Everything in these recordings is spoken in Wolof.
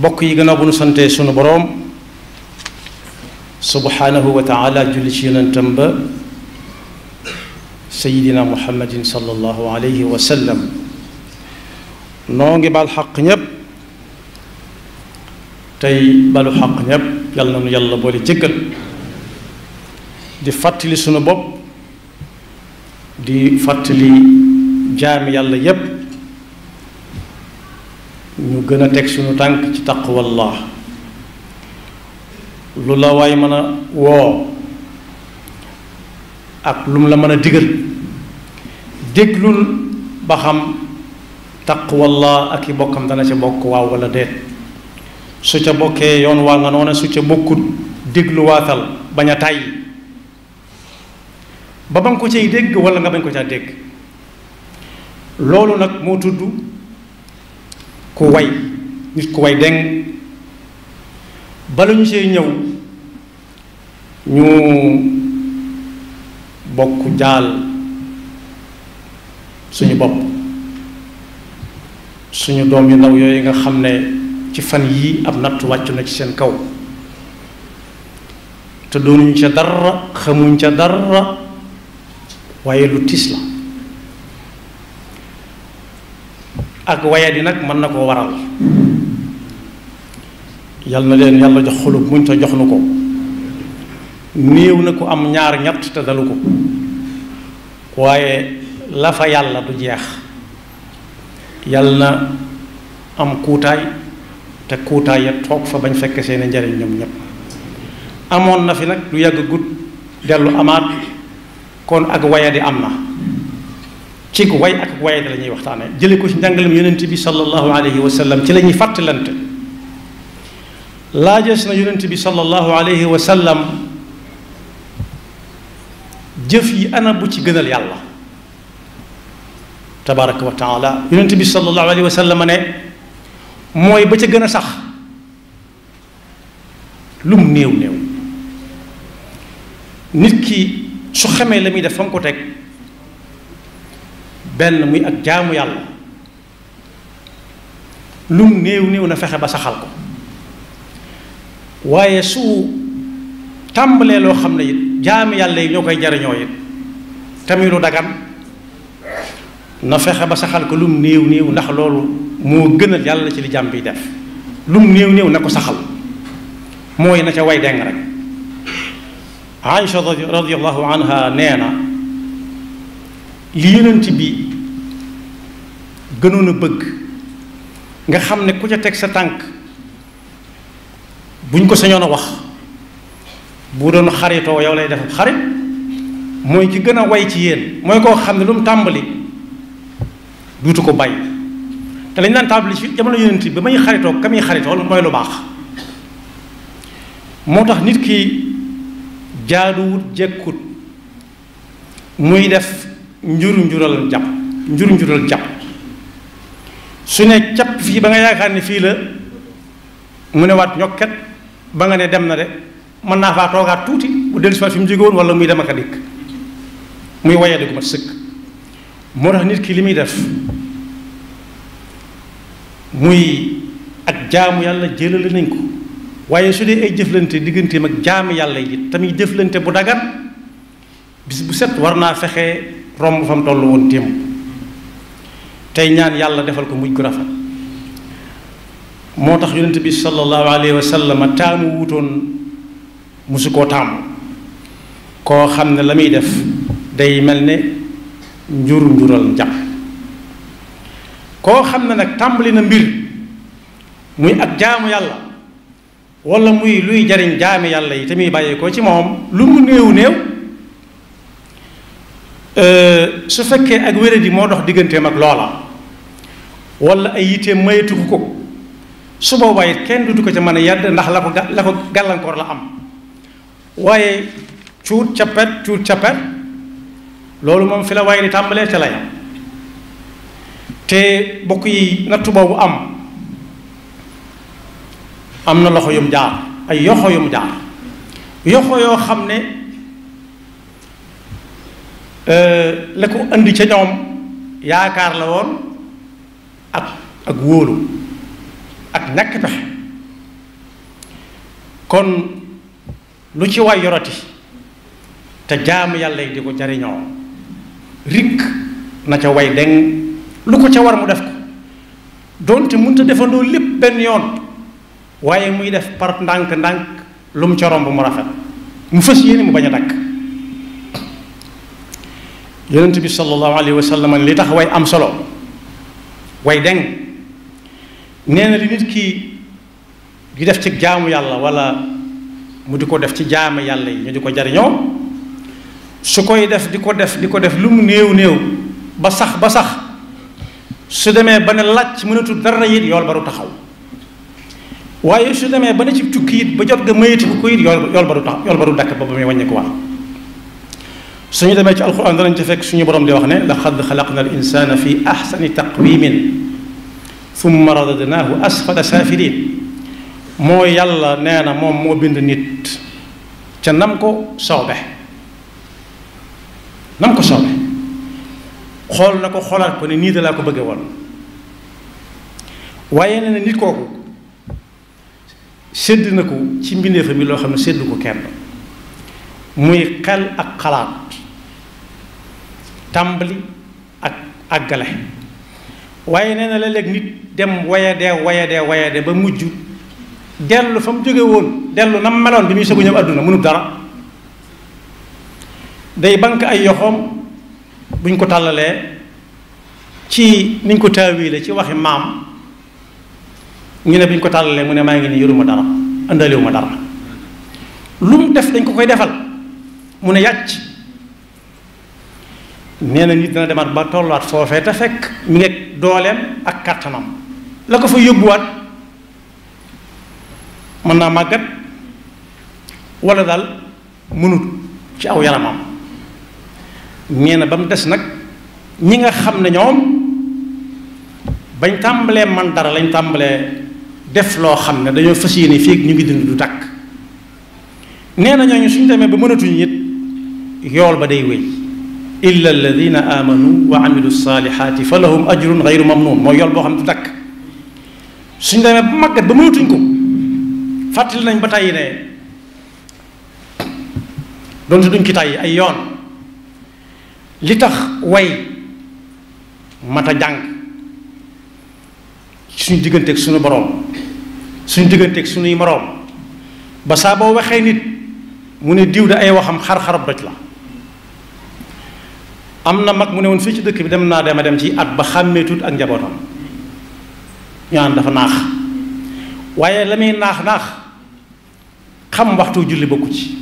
bokk yi gannaaw bu nu santee sunu boroom subhanahu wa taala julli ci yonentam ba sayidina muhammadin sallallahu alayhi wa sallam noo ngi baal xaq ñépp tey balu xaq ñépp yàlla na yàlla boole jëggal di fàttali sunu bopp di fàttali jaami yàlla yépp ñu gën a teg suñu tànk ci taqwallah lu la waay mën a woo ak lu mu la mën a digal déglul ba xam taqwallah ak i bokkam dana ca bokk waaw wala déet su ca bokkee yoon waa nga noona su ca bokkut dégluwaatal bañ a tàyyi ba ba nga ko cay dégg walla nga bañ ko caa dégg loolu nag moo tudd ku way nit ku way deng bala ñu see ñëw ñu bokk jaal suñu bopp suñu doom yu ndaw yooyu nga xam ne ci fan yii ab natt wàccu na ci seen kaw te doonuñ ca dara xamuñ ca dara waaye lu tiis la ak wayadi nag mën na koo waral yal na leen yàlla jox xolub muñ te jox nu ko néew na ku am ñaar ñett te dalu ko waaye la fa yàlla du jeex yal na am kuutaay te kuutaay ya toog fa bañ fekk seeni njariñ ñoom ñépp amoon na fi nag du yàgg gudd dellu amaat kon ak wayadi am na ci ku way ak wayate la ñuy waxtaane jële ko ci njàngalem yonent bi sallallahu alayhi wa sallam ci la ñuy fàttalante laajees na yonent bi sallallahu alayhi wa sallam jëf yi ana bu ci gënal yàlla tabaraka wa taala yonent bi sallallahu alayhi wa sallam ne mooy ba ca gën a sax lu mu néew néew nit ki su xamee la muy def fa ko teg benn muy ak jaamu yàlla lum néew néew na fexe ba saxal ko waaye su tàmbalee loo xam ne it jaamu yàlla yi ñoo koy jariñoo it tamit lu dagan na fexe ba saxal ko lum néew néew ndax loolu moo gënal yàlla ci li jàmm bi def lum néew néew na ko saxal mooy na ca way deng rek Aïcha radiyallahu anha nee na li yonent bi gënoon a bëgg nga xam ne ku ca teg sa tànk buñ ko sañoon a wax bu doon xaritoo yow lay def ab xarit mooy ki gën a way ci yéen mooy koo xam ne lu mu tàmbali duutu ko bàyyi te lañ daan tàmbali ci jamono yonent bi may xaritoo ka xaritoo xaritool mooy lu baax moo tax nit ki jaaduwut jekkut muy def njur njuralal jàpp njuru njural jàpp su ne cap fii ba nga yaakaar ne fii la mu ne waat ñokket ba nga ne dem na de mën naa faa toogaat tuuti bu dellu si waat fi mu jóge wala muy dem ak a muy wayee di mat sëkk moo tax nit ki li muy def muy ak jaamu yàlla jëlale nañ ko waaye su dee ay jëflante digganteem ak jaamu yàlla yi tamit jëflante bu dagan bis bu set war naa fexee romb fa mu toll woon démb tey ñaan yàlla defal ko mujj gu rafet moo tax yonent bi sallallahu alayhi wa sallam taamu wuutoon musu koo tàmm koo xam ne la muy def day mel ne njur njural njàpp koo xam ne nag tàmbali na mbir muy ak jaamu yàlla wala muy luy jariñ jaami yàlla yi te muy bàyyeekoo ci moom lu mu néew néew Euh, su fekkee ak wéradi moo dox digganteem ak loola wala ay yiteem mayatu ko su boobaa kenn dutu ko ca mën a yàdd ndax la ko la gàllankoor la am waaye cuut cappet cuut cappet loolu moom fi la waaye di tàmbalee ca la yam te bokk yi nattu boobu am am na loxo yum jaar ay yoxo yum jaar yoxo yoo xam ne Euh, la ko andi ca ñoom yaakaar la woon ak ak wóolu ak ñàkk pexe kon lu ci way yorati te jaamu yàlla yi di ko jariñoo rikk na ca way deng lu ko ca war mu def ko te mënut a defandoo lépp benn yoon waaye muy def par ndànk ndànk lu mu ca romb mu rafet mu fës yéene mu bañ a dakk yonent bi sallallahu alayhi wa sallam li tax way am solo way deng nee na li nit ki di def ci jaamu yàlla walla mu di ko def ci jaamu yàlla yi ñu di ko jariñoo su koy def di ko def di ko def lu mu néew néew ba sax ba sax su demee ba ne làcc mënatul dara it yool baru taxaw waaye su demee ba ne ci tukki it ba jot ga mayati ko it yool yool baru taxaw yool baru dakk ba ba muy wàññi سني دمي تي القران دا نتي فك سني بروم دي واخني لقد خلقنا الانسان في احسن تقويم ثم رددناه اسفل سافلين مو يلا نانا موم مو بند نيت تا نامكو صوبه نامكو صوبه خول نكو خولات كوني ني دا لاكو بغي وون waye ne nit koku sedd na ko ci mbindeefa mi loo xam ne sedd ko kenn muy xel ak xalaat tàmbali ak àggale waaye nee na léeg-léeg nit dem wayadee wayadee wayadee ba mujj dellu fa mu jóge woon dellu na meloon bi muy soog a àdduna mënut dara day bank ay yoxoom buñ ko tàllalee ci niñ ko taawiile ci waxi maam ñu ne buñ ko tàllalee mu ne maa ngi nii yoruma dara andaliwuma dara lu mu def dañ ko koy defal mu ne yàcc nee na nit dina demaat ba tolluwaat foofee te fekk mu ngi dooleem ak kàttanam la ko fa yóbbuwaat mën naa màggat wala daal mënut ci aw yaramam nee na ba mu des nag ñi nga xam ne ñoom bañ tàmbalee man dara lañ tàmbalee def loo xam ne dañoo fas yéene fii ñu ngi dund du takk nee na ñooñu suñ demee ba mënatuñu it yool ba day wéy إلا الذين آمنوا وعملوا الصالحات فلهم أجر غير ممنون ما يلبى هم تدك سندم مكة بموتينكم فاتلنا بتاعي نه دون كتاي أيون لتخ وي ما تجنك سن دي گنتك سونو بروم سن دي گنتك سونو مروم با سا بو وخه نيت خار خراب بتلا am mak mu ne fi ci dëkk bi dem naa dem dem ci at ba xàmmeetut ak njabootam ñaan dafa naax waaye la muy naax naax xam waxtu julli bokku ci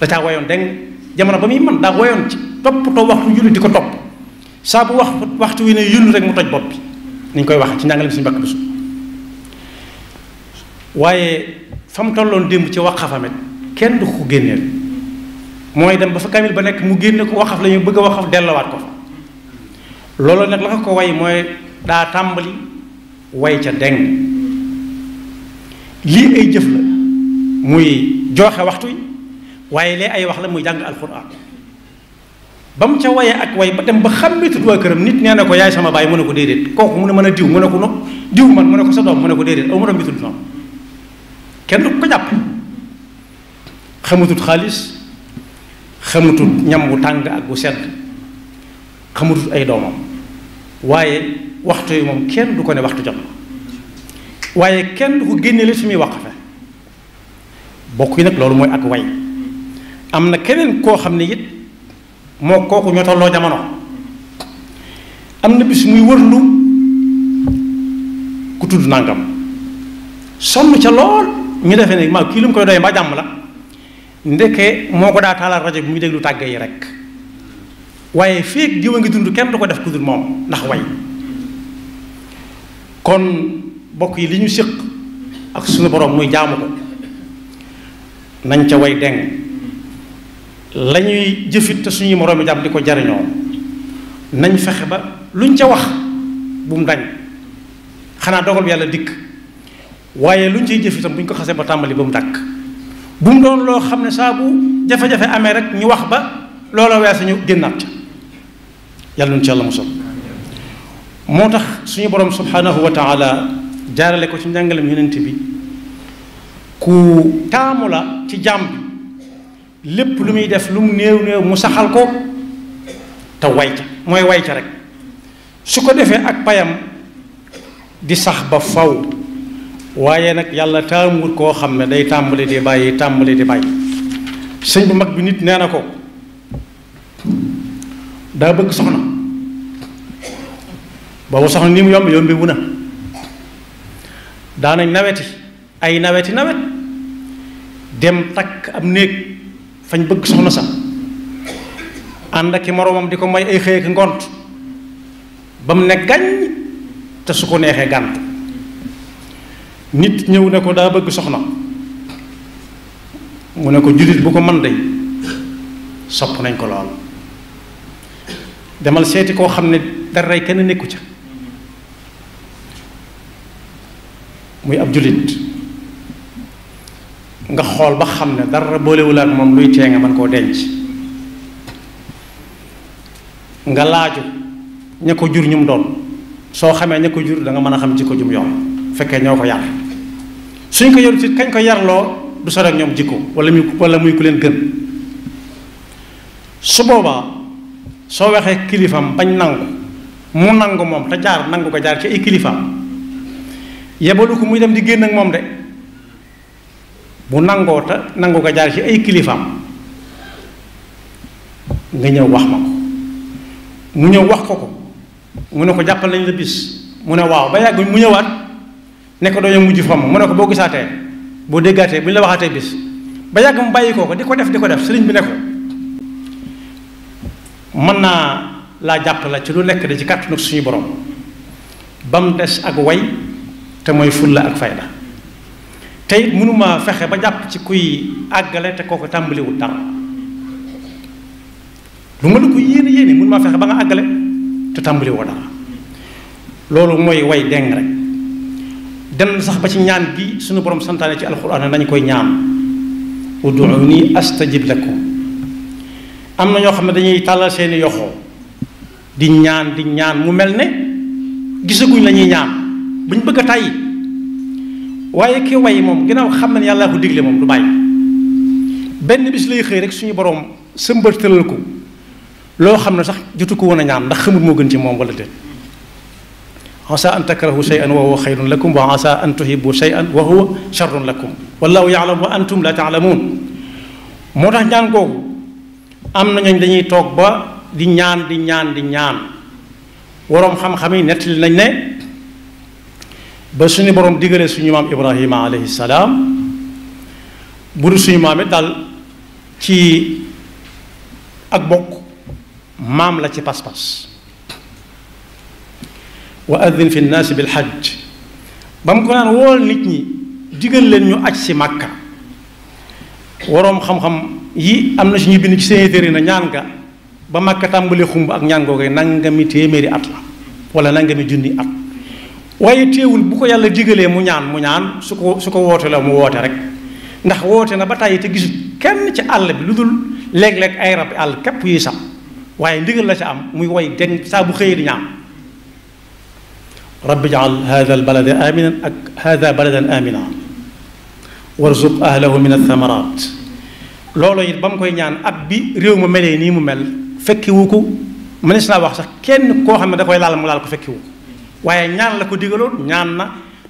da caa woyoon deng jamono ba muy man daa woyoon ci toppatoo waxtu julli di ko topp saa bu wax waxtu wi ne yullu rek mu toj bopp bi ni koy wax ci njàngale suñu bisu waaye fam tolloon ci waqafa kenn du ko mooy dem ba fa kamil ba nekk mu génne ko waxaf la ñu bëgg a waxaf dellowaat ko loolu nag la ko ko way mooy daa tàmbali way ca deng lii ay jëf la muy jooxe waxtu yi waaye lee ay wax la muy jàng alxuraan ba mu ca waye ak way ba dem ba xàmmitu waa këram nit nee na ko yaay sama baay mu ne ko déedéet kooku mu ne mën a diw mu ne ko no diw man mu ne ko sa doom mu ne ko déedéet aw ma doom bi tudd noonu kenn ko jàpp xamatut xaalis xamatut ñam wu tàng ak wu sedd xamatut ay doomam waaye waxtu yi moom kenn du ko ne waxtu jot na waaye kenn du ko génneel su muy waqafe bokk yi nag loolu mooy ak way am na keneen koo xam ne it moo kooku ñoo tolloo jamono am na bis muy lu ku tudd nangam sonn ca lool ñu defee ne maa kii lu mu koy doy mbaa jàmm la ndeke moo ko daa taalal rajo bi muy déglu tàgge yi rek waaye feek diwa ngi dund kenn du ko def ku dul moom ndax way kon bokk yi li ñu séq ak suñu borom muy jaamu ko ca way deng la ñuy jëfit te suñuy jàmm di ko jariñoo nañ fexe ba luñ ca wax bu dañ xanaa dogal bi yàlla dikk waaye luñ ciy jëfitam bu ñu ko xasee ba tàmbali ba mu dàkk bu doon loo xam ne saa bu jafe-jafe amee rek ñu wax ba loola weesu ñu génnaat ca yàlla nu ci yàlla musal moo tax suñu borom subhanahu wa taala jaarale ko ci njàngalem yonent bi ku taamu la ci jàmm lépp lu muy def lu mu néew néew mu saxal ko te way ca mooy way ca rek su ko defee ak payam di sax ba faw waye nak yalla taamuwut ko xamne day tambali di baye tambali di baye seigne mag bi nit neena ko da bëgg soxna bu soxna ni mu yomb yombi wuna na nañ naweti ay naweti nawet dem tak am neek fañ bëgg soxna sa ànd ak may ay xëy ak ngont bam mu ne te su ko nit ñew ne ko daa bëgg soxna mu ne ko julit bu ko man day sopp nañ ko lool demal seeti koo xam ne daray kenn nekku ca muy ab julit nga xool ba xam ne dara boolewul ak moom luy tee man koo denc nga laaju ña ko jur ñum doon soo xamee ña ko jur da nga mën a xam ci ko jum yoon fekkee ñoo ko suñ ko yor ci kañ ko yarloo du sore ak ñoom jikko wala muy wala muy ku leen gën su boobaa soo waxee kilifam bañ nangu mu nangu moom te jaar nangu ko jaar ci ay kilifaam yebalu muy dem di génn moom de bu nangoo te jaar ci ay kilifaam nga ñëw wax ma ko mu ñëw wax ko ko mu ne ko jàppal nañ la bis mu ne waaw ba yàgg mu ñëwaat. ne ko dañoo mujj fomm mu ne ko boo gisaatee boo déggaatee bi ñu la waxaatee bis ba yàgg mu bàyyi koo ko di ko def di ko def sëriñ bi ne ko mën naa laa jàpp la ci lu nekk da ci kàttanu suñu borom ba mu des ak way te mooy fulla ak fayda tey it mënuma fexe ba jàpp ci kuy àggale te ko tàmbaliwul dara lu nga dugg ko yéene yéene mënuma fexe ba nga àggale te tàmbaliwoo dara loolu mooy way deng rek dem sax ba ci ñaan gi suñu borom santane ci alquran nañ koy ñaan ud'uni astajib lakum amna ño xamne dañuy talal seen yoxo di ñaan di ñaan mu melne gisaguñ lañuy ñaan buñ bëgg tay waye ki way mom ginaaw xam na ne ko diglé mom du bay benn bis lay xey rek suñu borom sembeertal ko lo xamne sax jottu ko wona ñaan ndax xamul mo gën ci mom wala عسى أن تكرهوا شيئا وهو خير لكم وعسى أن تحبوا شيئا وهو شر لكم والله يعلم وأنتم لا تعلمون موتاخ نيان كوكو ام نيو ني دانيي توك با دي نيان دي نيان دي نيان وروم خام خامي نيتل ناج ني با سوني بروم ديغلي سوني مام ابراهيم عليه السلام بودو سوني مامي دال تي اك بوك مام لا تي باس باس wa addin fi naasi bil xaj ba mu ko naan wool nit ñi digal leen ñu aj si màkka waroom xam-xam yi am na suñuy bind ci seen téere na ñaan nga ba màkka tàmbalee xumb ak ñaan googee nangami téeméeri at la wala nangami junni at waaye teewul bu ko yàlla digalee mu ñaan mu ñaan su ko su ko woote la mu woote rek ndax woote na ba tàyyi te gisul kenn ci àll bi lu dul léeg-léeg ay rab àll képp yuy sax waaye ndigal la ci am muy woy den saa bu xëyee di ñaan رب اجعل هذا البلد آمنا أك... هذا بلدا آمنا وارزق أهله من الثمرات لولا يربم كوي نيان أبي ريو ممالي ني ممال فكي وكو منسنا واخ سخ كين كو خا مدا كوي لال مولال كو فكي وكو واي نيان لا كو ديغلو نيان نا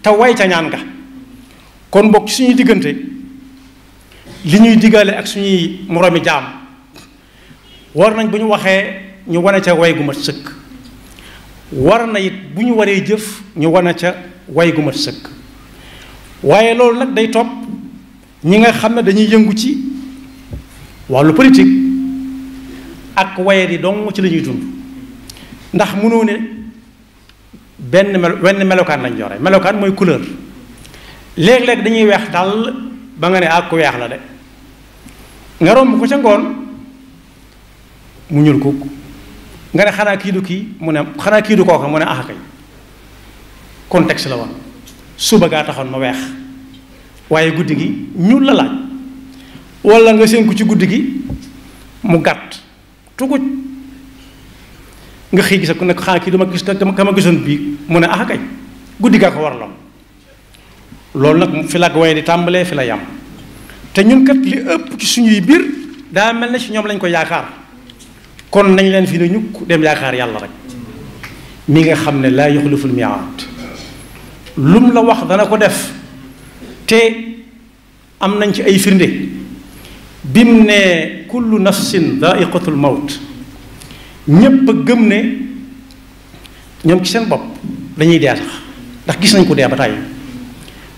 تا واي تا نيان غا كون بوك سيني ديغنتي لي نيو ديغال اك سيني مرامي جام ورنا بنيو واخه ني وانا تا واي غو ما سخ war na it bu ñu waree jëf ñu wana ca way gu mat sëkk waaye loolu nag day topp ñi nga xam ne dañuy yëngu ci wàllu politik ak waye di dong ci lañuy ñuy ndax mënoo ne benn mel wenn melokaan lañ yore melokaan mooy couleur léeg-léeg dañuy weex dal ba nga ne ak ah, ku weex la de nga romb ko ca ngoon mu ñuul kooku nga ne xanaa kii du kii mu ne xanaa kii du kooka mu ne ax ah kay contexte la woon suba gaa taxoon ma weex waaye guddi gi la laaj wala nga séen ci guddi gi mu gàtt tuguj nga xëy gis ak ne xanaa kii ma gis dama gisoon bii mu ne ah kay ko loolu nag fi la di tàmbalee fi la yam te ñun kat li ëpp ci suñuy biir daa mel ci ñoom lañ ko yaakaar kon nañ leen fi ñuk dem yaakaar yàlla rek mi nga xam ne laa yuxliful miaad lum la wax dana ko def te am nañ ci ay firnde bim ne kullu nafsin daiqatul maut ñépp gëm ne ñoom ci seen bopp dañuy dee tax ndax gis nañ ko dee ba tàyyi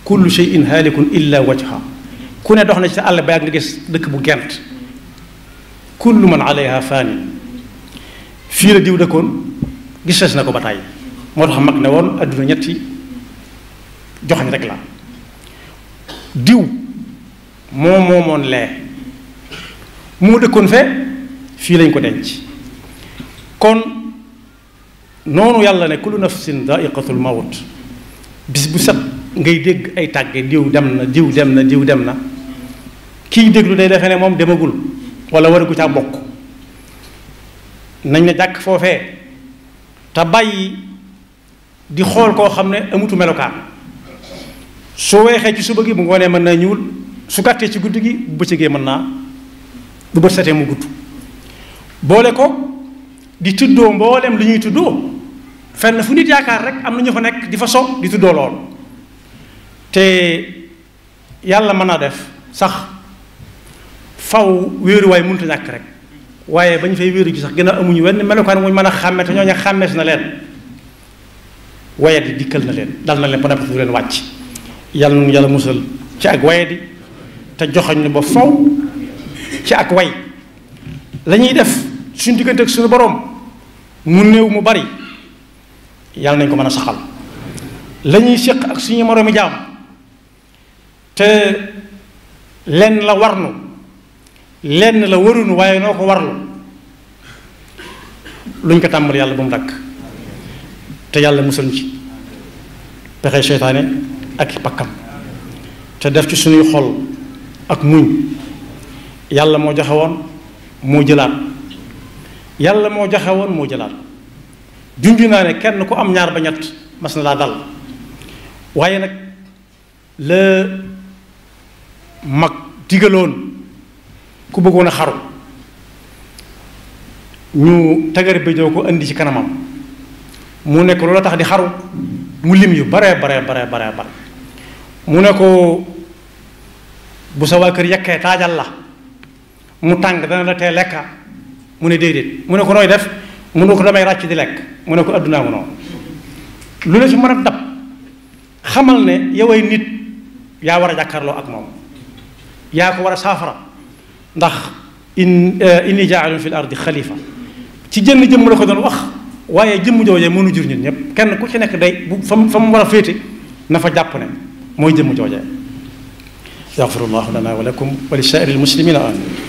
kullu shay'in halikun illa wajha ku ne dox na ci sa àll ba nga gis dëkk bu gent kullu man alayha faanin fii la diw dëkkoon gis fees na ko ba tàyyi moo tax mag ne woon adduna ñetti joxañ rek la diw moo moomoon lee moo dëkkoon fe fii lañ ko denc kon noonu yàlla ne kullu nafsin daiqatul mawt bis bu set ngay dégg ay tàgge diw dem na diw dem na diw dem na kiy déglu day defe ne moom demagul wala waragu caa mbokk nañ ne jàkk foofee te bàyyi di xool koo xam ne amutu melokaan su weexee ci suba gi bu ngoonee mën naa ñuul su gàttee ci guddi gi bu bëccëgee mën naa bu bët setee mu gudd boole ko di tuddoo mboolem li ñuy tuddoo fenn fu nit yaakaar rek am na ñu fa nekk di fa so di tuddoo lool te yàlla mën naa def sax faw wéeruwaay mënut a ñàkk rek waaye bañ fay wéru ci sax gën a amuñu wenn melokaan muñ mën a xàmme te ñooñu xàmmees na leen waye di dikkal na leen dal na leen ba noppi du leen wàcc yàlla nu yàlla musal ci ak waye di te joxoñ nu ba faw ci ak way la ñuy def suñ diggante ak suñu borom mu néew mu bari yàlla nañ ko mën a saxal la ñuy séq ak suñu moroomi jaam te lenn la warnu lenn la warunu waaye noo ko warlu luñ ko tàmbal yàlla ba mu dakk te yàlla musal ci pexe seytaane ak pakkam te def ci suñuy xol ak muñ yàlla moo joxe woon moo jëlaat yàlla moo joxe woon moo jëlaat junj naa ne kenn ku am ñaar ba ñett mas na laa dal waaye nag la mag digaloon ku bëggoon a xaru ñu tagar béjoo ko indi ci kanamam mu nekk ko loola tax di xaru mu lim yu bare bare bare bare bare mu ne ko bu sa waa kër yekkee taajal la mu tàng dana la tee lekka mu ne déedéet mu ne ko noy def mu ne ko damay ràcc di lekk mu ne ko addunaa mu noonu lu la fi mën a dab xamal ne yow ay nit yaa war a jàkkaarloo ak moom yaa ko war a saafara ndax in inni jaalu fi ardi khalifa ci jënn jëm la ko doon wax waaye jëmm joojee mënu jur ñun ñëpp kenn ku ci nekk day bu fam fa mu war a féete na fa jàpp ne mooy jëm joojee yaxfirullahu lana wa lakum wa li saa'iri muslimina amin